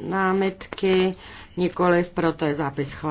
námitky, nikoliv proto je zápis chválen.